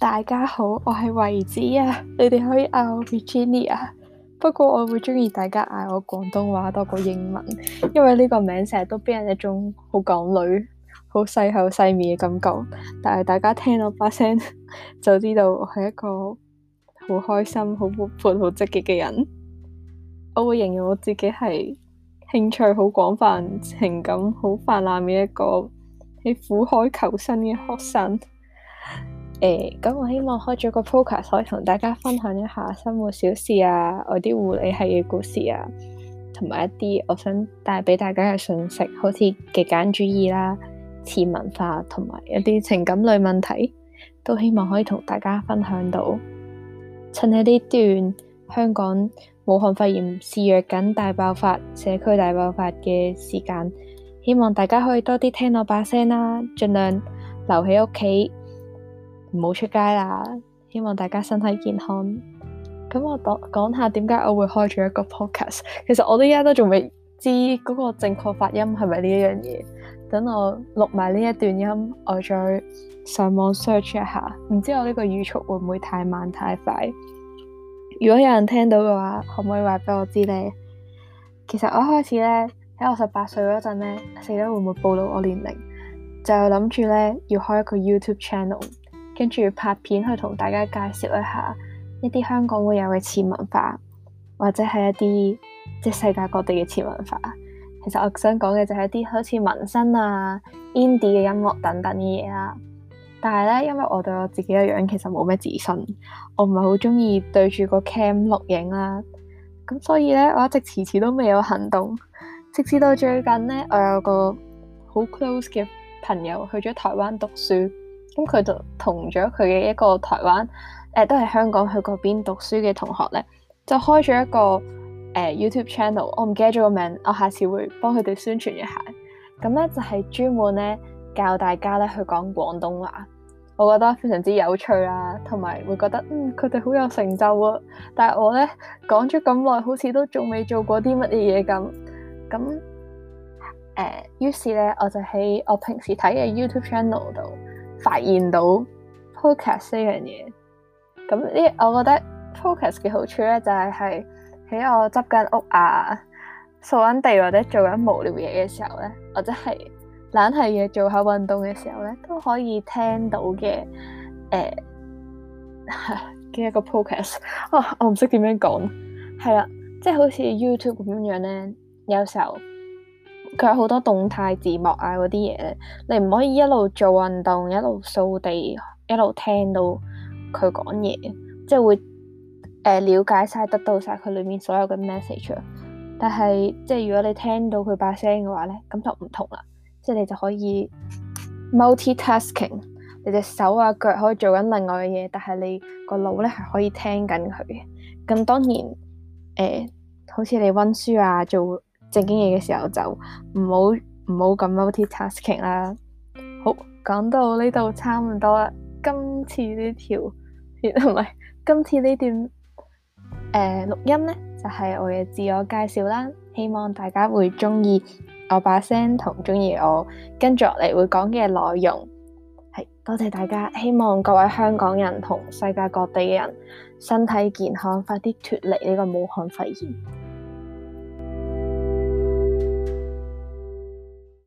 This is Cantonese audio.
大家好，我係惠子呀、啊。你哋可以嗌我 Virginia，不過我會中意大家嗌我廣東話多過英文，因為呢個名成日都俾人一種好港女、好細口細面嘅感覺，但係大家聽到把聲就知道我係一個好開心、好活潑、好積極嘅人。我會形容我自己係興趣好廣泛、情感好泛濫嘅一個喺苦海求生嘅學生。咁、欸、我希望開咗個 podcast，可以同大家分享一下生活小事啊，我啲護理系嘅故事啊，同埋一啲我想帶俾大家嘅訊息，好似極簡主義啦、啊、前文化，同埋一啲情感類問題，都希望可以同大家分享到。趁喺呢段香港武漢肺炎肆虐緊、大爆發、社區大爆發嘅時間，希望大家可以多啲聽我把聲啦，盡量留喺屋企。唔好出街啦！希望大家身體健康。咁我講下點解我會開咗一個 podcast。其實我都依家都仲未知嗰個正確發音係咪呢一樣嘢。等我錄埋呢一段音，我再上網 search 一下。唔知我呢個語速會唔會太慢太快？如果有人聽到嘅話，可唔可以話俾我知呢？其實我一開始呢，喺我十八歲嗰陣呢，唔知呢會唔會暴露我年齡，就諗住呢，要開一個 YouTube channel。跟住拍片去同大家介紹一下一啲香港會有嘅次文化，或者係一啲即係世界各地嘅次文化。其實我想講嘅就係一啲好似紋身啊、indie 嘅音樂等等嘅嘢啦。但係咧，因為我對我自己嘅樣其實冇咩自信，我唔係好中意對住個 cam 錄影啦、啊。咁所以咧，我一直遲遲都未有行動。直至到最近咧，我有個好 close 嘅朋友去咗台灣讀書。咁佢就同咗佢嘅一個台灣，誒都係香港去嗰邊讀書嘅同學咧，就開咗一個誒 YouTube channel，我唔記得咗個名，我下次會幫佢哋宣傳一下。咁咧就係專門咧教大家咧去講廣東話，我覺得非常之有趣啊，同埋會覺得嗯佢哋好有成就啊。但係我咧講咗咁耐，好似都仲未做過啲乜嘢嘢咁。咁誒，於是咧我就喺我平時睇嘅 YouTube channel 度。發現到 Podcast 呢樣嘢，咁呢，我覺得 Podcast 嘅好處咧就係係喺我執間屋啊、掃緊地或者做緊無聊嘢嘅時候咧，或者係懶係嘢做下運動嘅時候咧，都可以聽到嘅誒嘅一個 Podcast。哦、啊，我唔識點樣講，係啦，即係好似 YouTube 咁樣樣咧，有時候。佢有好多動態字幕啊，嗰啲嘢，你唔可以一路做運動，一路掃地，一路聽到佢講嘢，即係會誒、呃、了解晒，得到晒佢裏面所有嘅 message。但係即係如果你聽到佢把聲嘅話咧，咁就唔同啦。即係你就可以 multitasking，你隻手啊腳可以做緊另外嘅嘢，但係你個腦咧係可以聽緊佢。咁當然誒、呃，好似你温書啊，做。正經嘢嘅時候就唔好唔好咁 multi tasking 啦。好，講到呢度差唔多啦。今次呢條，唔係今次呢段誒錄音呢，就係我嘅自我介紹啦。希望大家會中意我把聲同中意我跟住落嚟會講嘅內容。係，多謝大家，希望各位香港人同世界各地嘅人身體健康，快啲脫離呢個武漢肺炎。